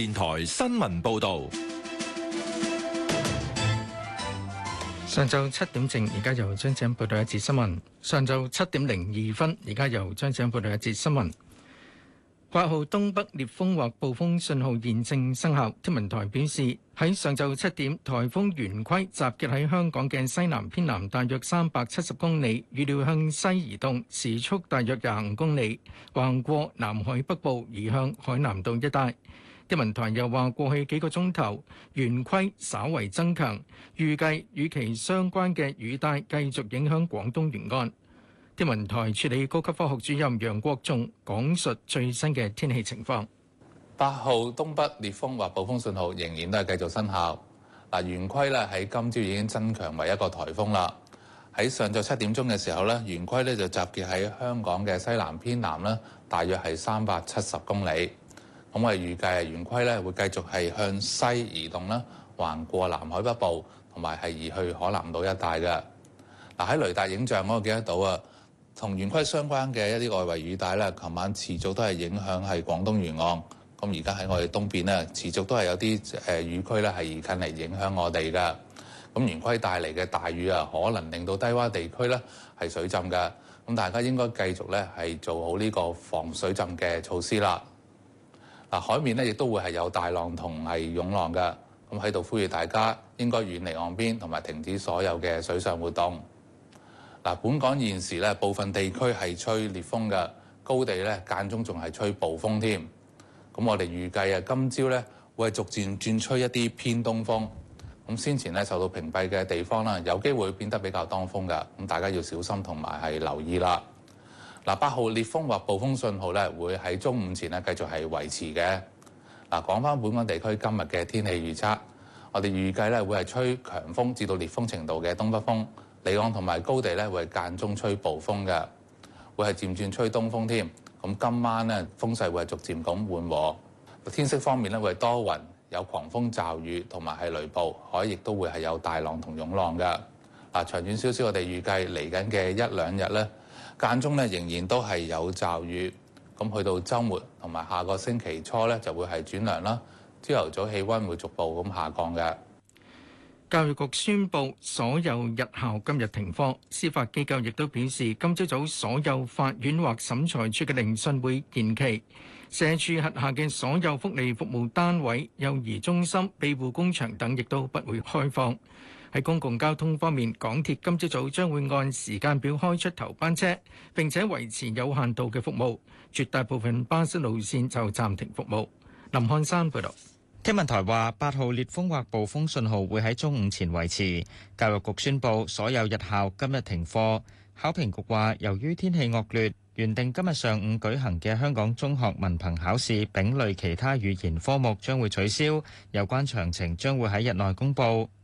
電台新聞報道，上晝七點正，而家由張子恩報道一節新聞。上晝七點零二分，而家由張子恩報道一節新聞。八號東北烈風或暴風信號現正生效。天文台表示，喺上晝七點，颱風圓規集結喺香港嘅西南偏南，大約三百七十公里，預料向西移動，時速大約廿五公里，橫過南海北部，移向海南島一帶。天文台又話，過去幾個鐘頭，圓規稍為增強，預計與其相關嘅雨帶繼續影響廣東沿岸。天文台助理高級科學主任楊國仲講述最新嘅天氣情況。八號東北烈風或暴風信號仍然都係繼續生效嗱。圓規咧喺今朝已經增強為一個颱風啦。喺上晝七點鐘嘅時候咧，圓規咧就集結喺香港嘅西南偏南啦，大約係三百七十公里。咁我係預計係圓規咧會繼續係向西移動啦，橫過南海北部，同埋係移去海南島一帶嘅。嗱喺雷達影像我記得到啊，同圓規相關嘅一啲外圍雨帶咧，琴晚持續都係影響係廣東沿岸。咁而家喺我哋東邊咧，持續都係有啲誒雨區咧係移近嚟影響我哋嘅。咁圓規帶嚟嘅大雨啊，可能令到低窪地區咧係水浸嘅。咁大家應該繼續咧係做好呢個防水浸嘅措施啦。嗱，海面咧亦都會係有大浪同係湧浪㗎，咁喺度呼籲大家應該遠離岸邊同埋停止所有嘅水上活動。嗱，本港現時咧部分地區係吹烈風嘅，高地咧間中仲係吹暴風添。咁我哋預計啊，今朝咧會係逐漸轉吹一啲偏東風。咁先前咧受到屏蔽嘅地方啦，有機會變得比較當風㗎，咁大家要小心同埋係留意啦。嗱，八號烈風或暴風信號咧，會喺中午前咧繼續係維持嘅。嗱，講翻本港地區今日嘅天氣預測，我哋預計咧會係吹強風至到烈風程度嘅東北風，離岸同埋高地咧會係間中吹暴風嘅，會係漸轉吹東風添。咁今晚咧風勢會係逐漸咁緩和。天色方面咧會係多雲，有狂風驟雨同埋係雷暴，海亦都會係有大浪同湧浪嘅。嗱，長遠少少，我哋預計嚟緊嘅一兩日咧。間中咧仍然都係有驟雨，咁去到周末同埋下個星期初咧就會係轉涼啦。朝頭早氣温會逐步咁下降嘅。教育局宣布所有日校今日停課，司法機構亦都表示今朝早所有法院或審裁處嘅聆訊會延期。社署轄下嘅所有福利服務單位、幼兒中心、庇護工場等，亦都不會開放。喺公共交通方面，港鐵今朝早將會按時間表開出頭班車，並且維持有限度嘅服務。絕大部分巴士路線就暫停服務。林漢山報導。天文台話八號烈風或暴風信號會喺中午前維持。教育局宣布所有日校今日停課。考評局話，由於天氣惡劣，原定今日上午舉行嘅香港中學文憑考試，丙類其他語言科目將會取消。有關詳情將會喺日內公布。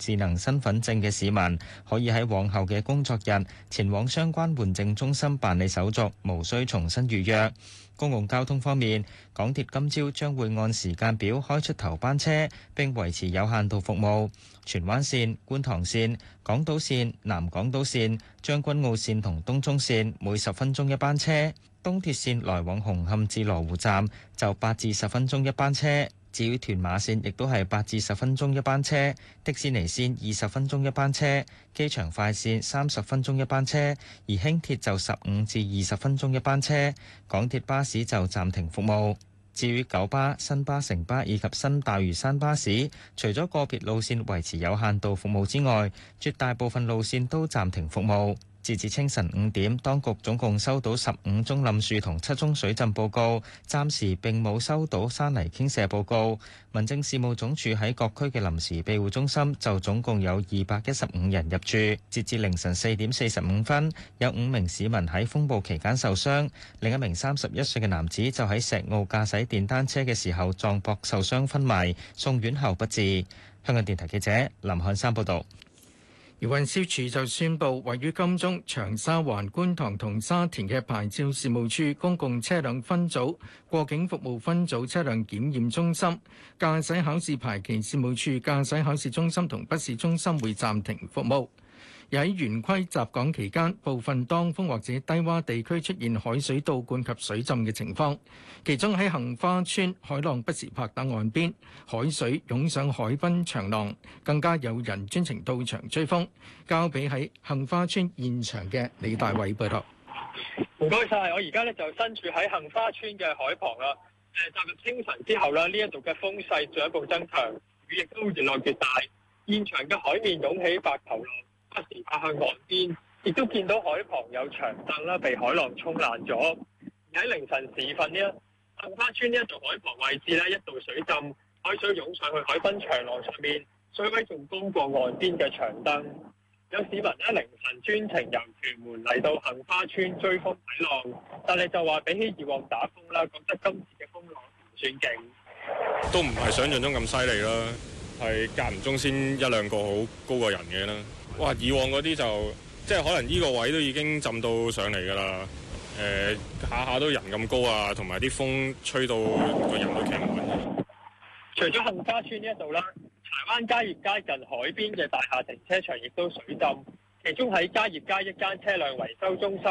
智能身份證嘅市民可以喺往後嘅工作日前往相關換證中心辦理手續，無需重新預約。公共交通方面，港鐵今朝將會按時間表開出頭班車，並維持有限度服務，荃灣綫、觀塘綫、港島綫、南港島綫、將軍澳綫同東涌線每十分鐘一班車。東鐵線來往紅磡至羅湖站就八至十分鐘一班車，至於屯馬線亦都係八至十分鐘一班車，迪士尼線二十分鐘一班車，機場快線三十分鐘一班車，而輕鐵就十五至二十分鐘一班車，港鐵巴士就暫停服務。至於九巴、新巴、城巴以及新大嶼山巴士，除咗個別路線維持有限度服務之外，絕大部分路線都暫停服務。截至清晨五點，當局總共收到十五宗冧樹同七宗水浸報告，暫時並冇收到山泥傾瀉報告。民政事務總署喺各區嘅臨時庇護中心就總共有二百一十五人入住。截至凌晨四點四十五分，有五名市民喺風暴期間受傷，另一名三十一歲嘅男子就喺石澳駕駛電單車嘅時候撞壆受傷昏迷，送院後不治。香港電台記者林漢山報導。而運輸署就宣布，位於金鐘、長沙灣、觀塘同沙田嘅牌照事務處、公共車輛分組、過境服務分組、車輛檢驗中心、駕駛考試排期事務處、駕駛考試中心同筆，筆試中心會暫停服務。喺圓規襲港期間，部分當風或者低洼地區出現海水倒灌及水浸嘅情況。其中喺杏花村，海浪不時拍打岸邊，海水湧上海濱長廊，更加有人專程到場追風。交俾喺杏花村現場嘅李大偉報導。唔該晒，我而家咧就身處喺杏花村嘅海旁啦。誒，踏入清晨之後啦，呢一度嘅風勢進一步增強，雨亦都越來越大，現場嘅海面湧起白頭浪。不時拍向岸邊，亦都見到海旁有長凳啦，被海浪沖爛咗。而喺凌晨時分呢，杏花村呢一度海旁位置呢一度水浸，海水湧上去海濱長廊上面，水位仲高過岸邊嘅長凳。有市民咧凌晨專程由屯門嚟到杏花村追風睇浪，但係就話比起以往打風啦，覺得今次嘅風浪唔算勁，都唔係想象中咁犀利啦，係間唔中先一兩個好高過人嘅啦。哇！以往嗰啲就即係可能呢個位都已經浸到上嚟噶啦。誒、呃，下下都人咁高啊，同埋啲風吹到個人都驚。除咗杏花邨呢一度啦，柴灣嘉業街近海邊嘅大廈停車場亦都水浸，其中喺嘉業街一間車輛維修中心，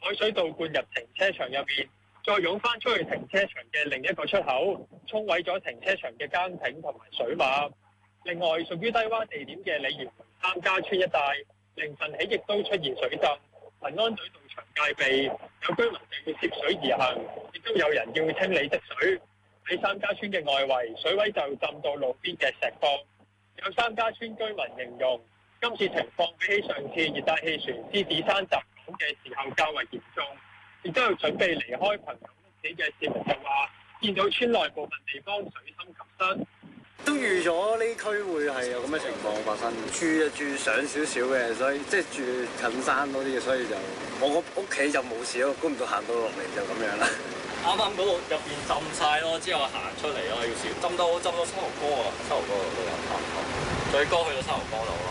海水倒灌入停車場入邊，再湧翻出去停車場嘅另一個出口，沖毀咗停車場嘅更亭同埋水馬。另外，屬於低洼地點嘅鯉魚三家村一帶凌晨起亦都出現水浸，民安隊到場戒備，有居民就要涉水而行，亦都有人要清理積水。喺三家村嘅外圍，水位就浸到路邊嘅石方。有三家村居民形容，今次情況比起上次熱帶氣旋獅子山襲港嘅時候較為嚴重。亦都有準備離開群屋屋企嘅市民就話，見到村內部分地方水深及膝。都預咗呢區會係有咁嘅情況發生，住就住上少少嘅，所以即係住近山多啲嘅，所以就我屋屋企就冇事咯，估唔到行到落嚟就咁樣啦。啱啱嗰度入邊浸晒咯，之後行出嚟咯，要小浸到浸到沙頭角啊，沙頭角都嗰差唔多。最高去到沙頭角度咯。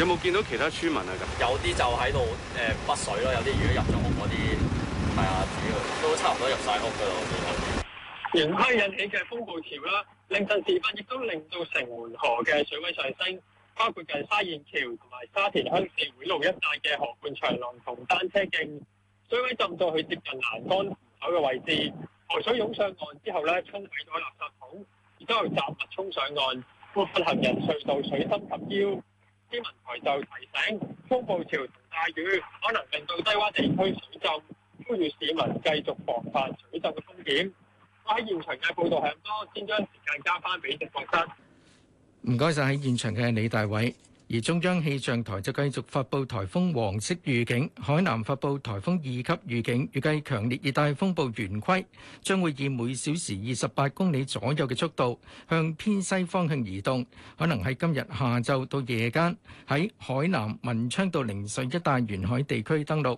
有冇見到其他村民啊、呃？有啲就喺度誒潑水咯，有啲如果入咗屋嗰啲係啊，主要都差唔多入晒屋我見到盈虧引起嘅風暴潮啦。凌晨時分，亦都令到城門河嘅水位上升，包括近沙燕橋同埋沙田鄉事會路一帶嘅河畔長廊同單車徑，水位浸到去接近欄杆扶手嘅位置。河水湧上岸之後咧，沖毀咗垃圾桶，亦都有雜物沖上岸，部分行人隧道水深及腰。天文台就提醒，風暴潮同大雨可能令到低窪地區水浸，呼籲市民繼續防範水浸嘅風險。喺現場嘅報道係咁多，先將時間交翻俾直播室。唔該晒，喺現場嘅李大偉。而中央氣象台就繼續發佈颱風黃色預警，海南發佈颱風二級預警，預計強烈熱帶風暴圓規將會以每小時二十八公里左右嘅速度向偏西方向移動，可能喺今日下晝到夜間喺海南文昌到陵水一帶沿海地區登陸。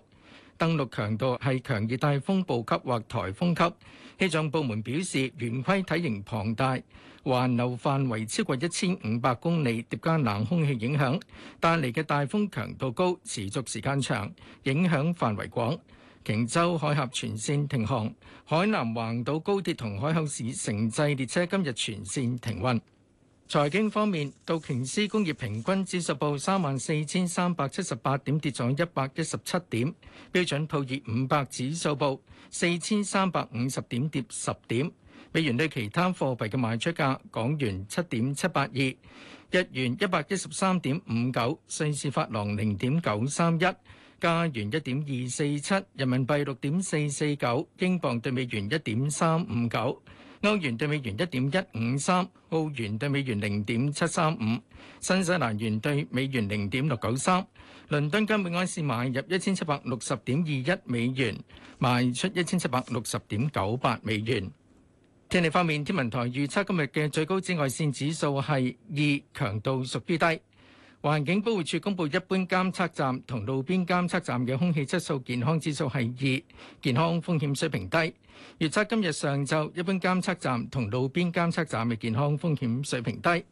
登陸強度係強熱帶風暴級或颱風級，氣象部門表示，圓規體型龐大，環流範圍超過一千五百公里，疊加冷空氣影響，帶嚟嘅大風強度高，持續時間長，影響範圍廣。瓊州海峽全線停航，海南環島高鐵同海口市城際列車今日全線停運。財經方面，道瓊斯工業平均指數報三萬四千三百七十八點，跌咗一百一十七點。標準普爾五百指數報四千三百五十點，跌十點。美元對其他貨幣嘅賣出價：港元七點七八二，日元一百一十三點五九，瑞士法郎零點九三一，加元一點二四七，人民幣六點四四九，英鎊對美元一點三五九。歐元對美元一點一五三，澳元對美元零點七三五，新西蘭元對美元零點六九三，倫敦金每盎司買入一千七百六十點二一美元，賣出一千七百六十點九八美元。天氣方面，天文台預測今日嘅最高紫外線指數係二，強度屬於低。環境保護署公布一般監測站同路邊監測站嘅空氣質素健康指數係二，健康風險水平低。預測今日上晝一般監測站同路邊監測站嘅健康風險水平低。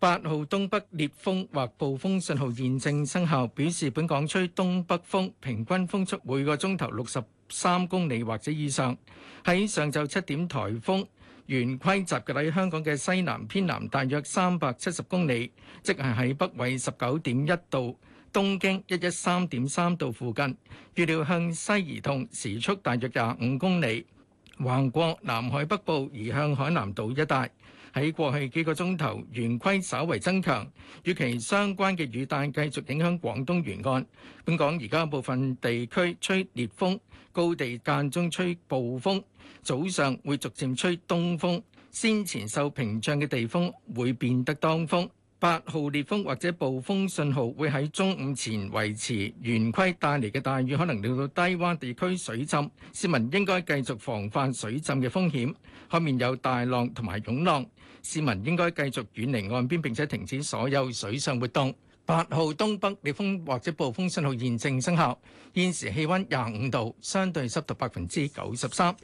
八號東北烈風或暴風信號現正生效，表示本港吹東北風，平均風速每個鐘頭六十三公里或者以上。喺上晝七點，颱風原規集嘅喺香港嘅西南偏南，大約三百七十公里，即係喺北緯十九點一度、東經一一三點三度附近。預料向西移動，時速大約廿五公里。橫過南海北部，移向海南島一帶。喺過去幾個鐘頭，圓規稍為增強，與其相關嘅雨帶繼續影響廣東沿岸。本港而家部分地區吹烈風，高地間中吹暴風，早上會逐漸吹東風，先前受屏障嘅地方會變得當風。八號烈風或者暴風信號會喺中午前維持，圓規帶嚟嘅大雨可能令到低窪地區水浸，市民應該繼續防範水浸嘅風險。海面有大浪同埋湧浪，市民應該繼續遠離岸邊，並且停止所有水上活動。八號東北烈風或者暴風信號現正生效。現時氣温廿五度，相對濕度百分之九十三。